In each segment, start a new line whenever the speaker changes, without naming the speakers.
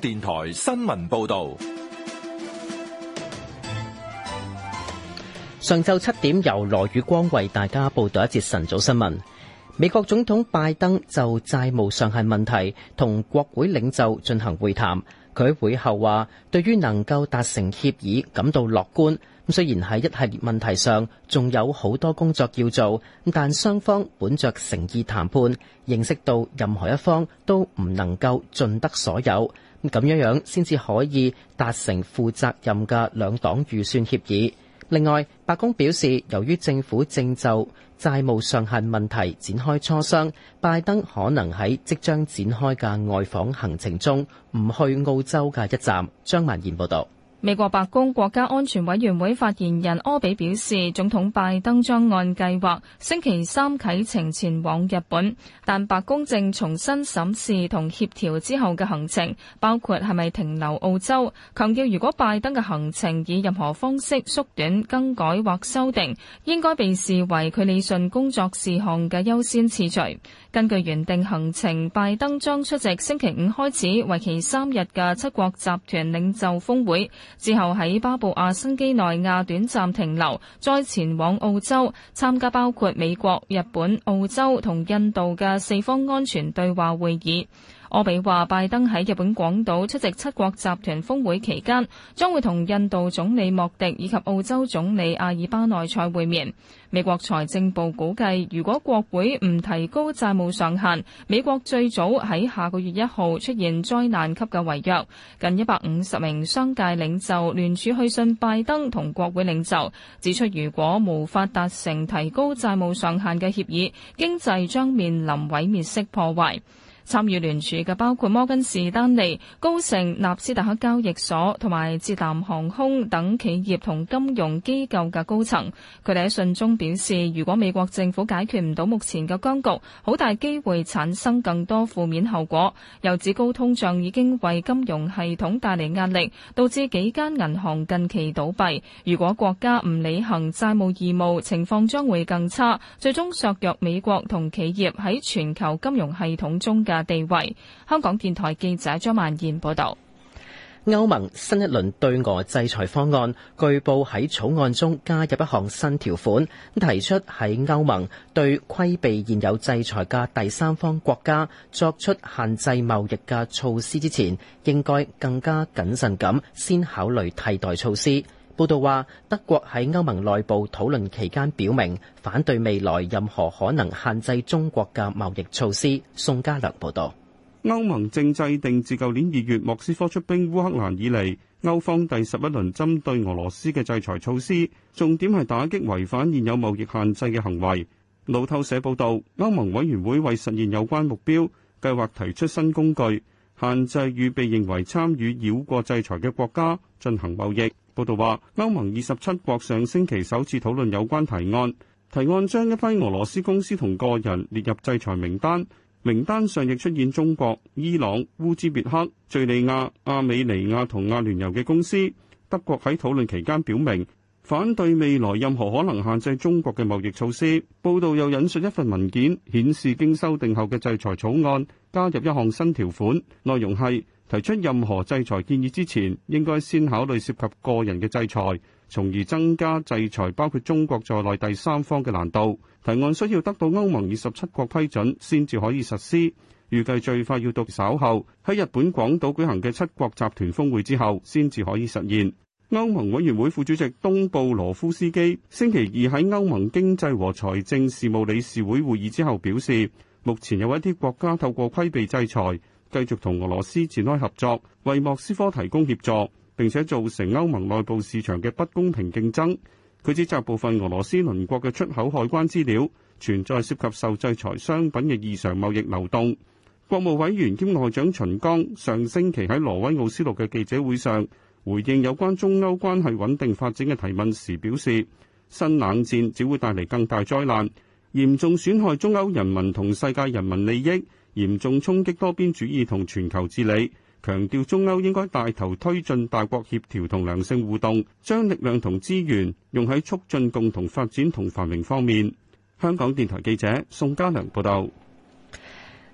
電台新聞報道：
上晝七點，由羅宇光為大家報道一節晨早新聞。美國總統拜登就債務上限問題同國會領袖進行會談。佢喺會後話，對於能夠達成協議感到樂觀。咁雖然喺一系列問題上仲有好多工作要做，但雙方本着誠意談判，認識到任何一方都唔能夠盡得所有。咁樣樣先至可以達成負責任嘅兩黨預算協議。另外，白宮表示，由於政府正就債務上限問題展開磋商，拜登可能喺即將展開嘅外訪行程中唔去澳洲嘅一站。張曼賢報導。
美國白宮國家安全委員會發言人柯比表示，總統拜登將按計劃星期三啟程前往日本，但白宮正重新審視同協調之後嘅行程，包括係咪停留澳洲。強調如果拜登嘅行程以任何方式縮短、更改或修訂，應該被視為佢理順工作事項嘅優先次序。根據原定行程，拜登將出席星期五開始為期三日嘅七國集團領袖峰會。之後喺巴布亞新幾內亞短暫停留，再前往澳洲參加包括美國、日本、澳洲同印度嘅四方安全對話會議。柯比話：拜登喺日本廣島出席七國集團峰會期間，將會同印度總理莫迪以及澳洲總理阿爾巴內塞會面。美國財政部估計，如果國會唔提高債務上限，美國最早喺下個月一號出現災難級嘅違約。近一百五十名商界領袖聯署去信拜登同國會領袖，指出如果無法達成提高債務上限嘅協議，經濟將面臨毀滅式破壞。參與聯署嘅包括摩根士丹利、高盛、納斯達克交易所同埋捷藍航空等企業同金融機構嘅高層。佢哋喺信中表示，如果美國政府解決唔到目前嘅僵局，好大機會產生更多負面後果。又指高通脹已經為金融系統帶嚟壓力，導致幾間銀行近期倒閉。如果國家唔履行債務義務，情況將會更差，最終削弱美國同企業喺全球金融系統中嘅地位。香港電台記者張曼燕報道，
歐盟新一輪對俄制裁方案，據報喺草案中加入一項新條款，提出喺歐盟對規避現有制裁嘅第三方國家作出限制貿易嘅措施之前，應該更加謹慎咁先考慮替代措施。報道話，德國喺歐盟內部討論期間表明，反對未來任何可能限制中國嘅貿易措
施。宋嘉良報道，歐盟正制定自舊年二月莫斯科出兵烏克蘭以嚟，歐方第十一輪針對俄羅斯嘅制裁措施，重點係打擊違反現有貿易限制嘅行為。路透社報道，歐盟委員會為實現有關目標，計劃提出新工具，限制與被認為參與繞過制裁嘅國家進行貿易。報道話，歐盟二十七國上星期首次討論有關提案，提案將一批俄羅斯公司同個人列入制裁名單，名單上亦出現中國、伊朗、烏茲別克、敘利亞、亞美尼亞同亞聯酋嘅公司。德國喺討論期間表明反對未來任何可能限制中國嘅貿易措施。報道又引述一份文件顯示，經修訂後嘅制裁草案加入一項新條款，內容係，提出任何制裁建議之前，應該先考慮涉及個人嘅制裁，從而增加制裁包括中國在內第三方嘅難度。提案需要得到歐盟二十七國批准先至可以實施，預計最快要到稍後喺日本廣島舉行嘅七國集團峰會之後先至可以實現。歐盟委員會副主席東布羅夫斯基星期二喺歐盟經濟和財政事務理事會會，會議之後表示，目前有一啲國家透過規避制裁。繼續同俄羅斯展開合作，為莫斯科提供協助，並且造成歐盟內部市場嘅不公平競爭。佢指責部分俄羅斯鄰國嘅出口海關資料存在涉及受制裁商品嘅異常貿易流動。國務委員兼外長秦剛上星期喺挪威奧斯陸嘅記者會上，回應有關中歐關係穩定發展嘅提問時表示：新冷戰只會帶嚟更大災難。嚴重損害中歐人民同世界人民利益，嚴重衝擊多邊主義同全球治理。強調中歐應該帶頭推進大國協調同良性互動，將力量同資源用喺促進共同發展同繁榮方面。香港電台記者宋嘉良報道。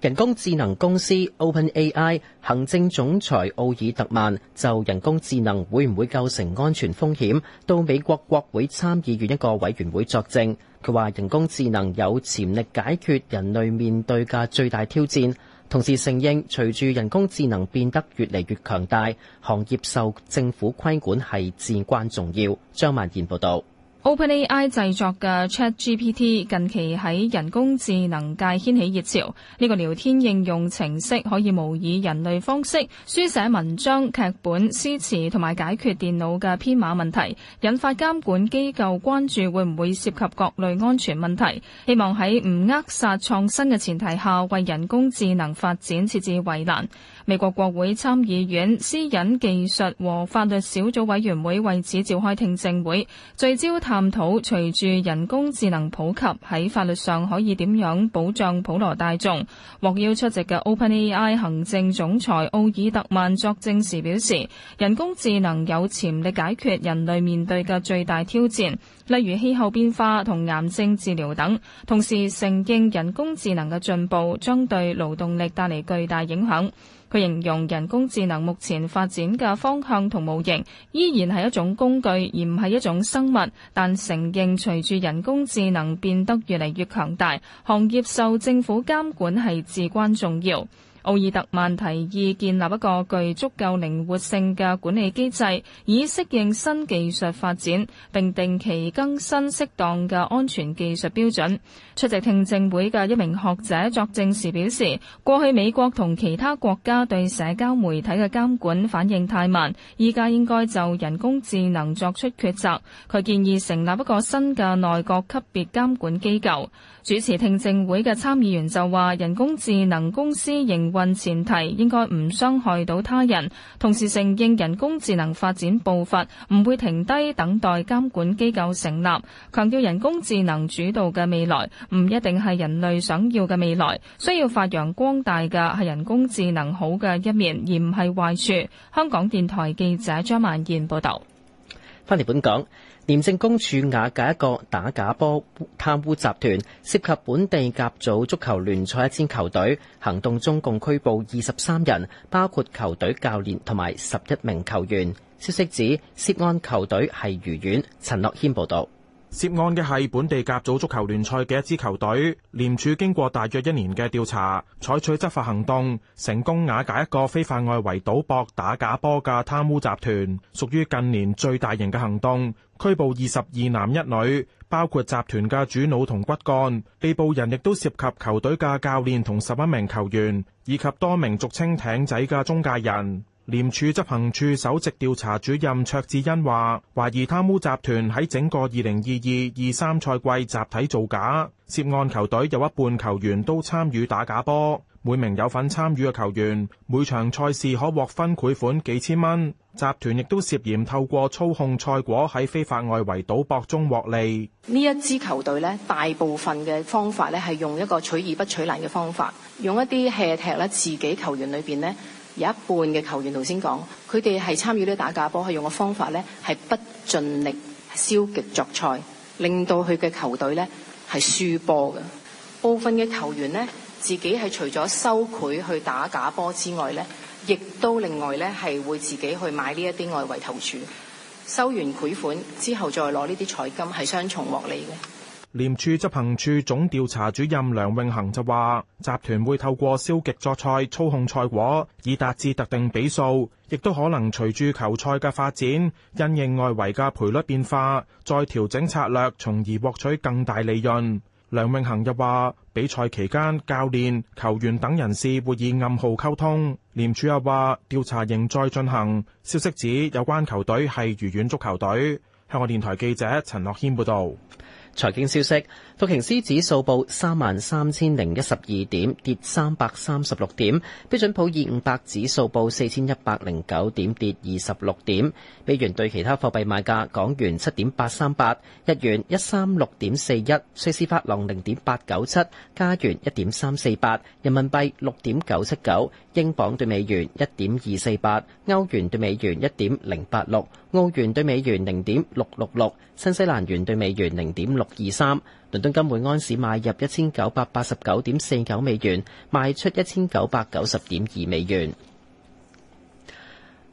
人工智能公司 OpenAI 行政總裁奧爾特曼
就人工智能會唔會構成安全風險，到美國國會參議院一個委員會作證。佢話人工智能有潛力解決人類面對嘅最大挑戰，同時承認隨住人工智能變得越嚟越強大，行業受政府規管係至關重要。張曼賢報道。
OpenAI 製作嘅 ChatGPT 近期喺人工智能界掀起熱潮，呢、這個聊天應用程式可以模擬人類方式書寫文章、劇本、詩詞同埋解決電腦嘅編碼問題，引發監管機構關注會唔會涉及國內安全問題，希望喺唔扼殺創新嘅前提下，為人工智能發展設置圍欄。美國國會參議院私隱技術和法律小組委員會為此召開聽證會，聚焦探討隨住人工智能普及，喺法律上可以點樣保障普羅大眾。獲邀出席嘅 OpenAI 行政總裁奧爾特曼作證時表示，人工智能有潛力解決人類面對嘅最大挑戰，例如氣候變化同癌症治療等。同時承認人工智能嘅進步將對勞動力帶嚟巨大影響。佢形容人工智能目前發展嘅方向同模型，依然係一種工具，而唔係一種生物，但承認隨住人工智能變得越嚟越強大，行業受政府監管係至關重要。奧爾特曼提議建立一個具足夠靈活性嘅管理機制，以適應新技術發展，並定期更新適當嘅安全技術標準。出席聽證會嘅一名學者作證時表示，過去美國同其他國家對社交媒體嘅監管反應太慢，依家應該就人工智能作出抉擇。佢建議成立一個新嘅內閣級別監管機構。主持聽證會嘅參議員就話，人工智能公司仍。運前提應該唔傷害到他人，同時承認人工智能發展步伐唔會停低，等待監管機構成立。強調人工智能主導嘅未來唔一定係人類想要嘅未來，需要發揚光大嘅係人工智能好嘅一面，而唔係壞處。香港電台記者張曼燕報道。
翻嚟本港。廉政公署瓦解一個打假波貪污集團，涉及本地甲組足球聯賽一支球隊，行動中共拘捕二十三人，包括球隊教練同埋十一名球員。消息指涉案球隊係愉園。陳樂謙報道。涉
案嘅係本地甲組足球聯賽嘅一支球隊，廉署經過大約一年嘅調查，採取執法行動，成功瓦解一個非法外圍賭博打假波嘅貪污集團，屬於近年最大型嘅行動。拘捕二十二男一女，包括集團嘅主腦同骨幹，被捕人亦都涉及球隊嘅教練同十一名球員，以及多名俗稱艇仔嘅中介人。廉署執行處首席調查主任卓志恩話，懷疑貪污集團喺整個二零二二二三賽季集體造假，涉案球隊有一半球員都參與打假波，每名有份參與嘅球員每場賽事可獲分賄款幾千蚊，集團亦都涉嫌透過操控賽果喺非法外圍賭博中獲利。
呢一支球隊咧，大部分嘅方法咧係用一個取易不取難嘅方法，用一啲 hea 踢咧自己球員裏邊咧。有一半嘅球員，頭先講，佢哋係參與啲打假波，佢用嘅方法咧係不盡力、消極作賽，令到佢嘅球隊咧係輸波嘅。部分嘅球員咧，自己係除咗收賄去打假波之外咧，亦都另外咧係會自己去買呢一啲外圍投注，收完賄款之後再攞呢啲彩金，係雙重獲利嘅。
廉署執行處總調查主任梁永恒就話：集團會透過消極作賽操控賽果，以達至特定比數，亦都可能隨住球賽嘅發展，因應外圍嘅賠率變化，再調整策略，從而獲取更大利潤。梁永恒又話：比賽期間教練、球員等人士會以暗號溝通。廉署又話：調查仍在進行。消息指有關球隊係愉園足球隊。香港電台記者陳樂謙報道。
財經消息，道瓊斯指數報三萬三千零一十二點，跌三百三十六點；標準普爾五百指數報四千一百零九點，跌二十六點。美元對其他貨幣賣價：港元七點八三八，日元一三六點四一，瑞士法郎零點八九七，加元一點三四八，人民幣六點九七九，英鎊對美元一點二四八，歐元對美元一點零八六，澳元對美元零點六六六，新西蘭元對美元零點六。二三，倫敦金每安士買入一千九百八十九點四九美元，賣出一千九百九十點二美元。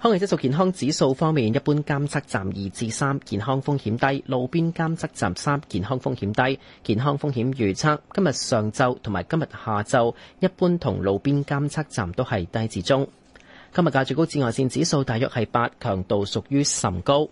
空氣質素健康指數方面，一般監測站二至三，健康風險低；路邊監測站三，健康風險低。健康風險預測：今日上晝同埋今日下晝，一般同路邊監測站都係低至中。今日嘅最高紫外線指數大約係八，強度屬於甚高。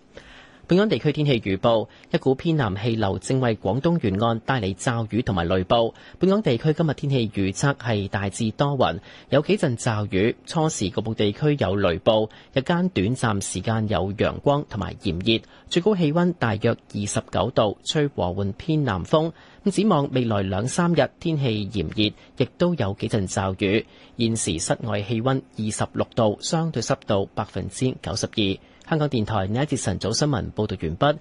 本港地區天氣預報：一股偏南氣流正為廣東沿岸帶嚟驟雨同埋雷暴。本港地區今日天氣預測係大致多雲，有幾陣驟雨，初時局部地區有雷暴，日間短暫時間有陽光同埋炎熱，最高氣溫大約二十九度，吹和緩偏南風。咁展望未來兩三日天氣炎熱，亦都有幾陣驟雨。現時室外氣溫二十六度，相對濕度百分之九十二。香港電台呢一節晨早新聞報道完畢。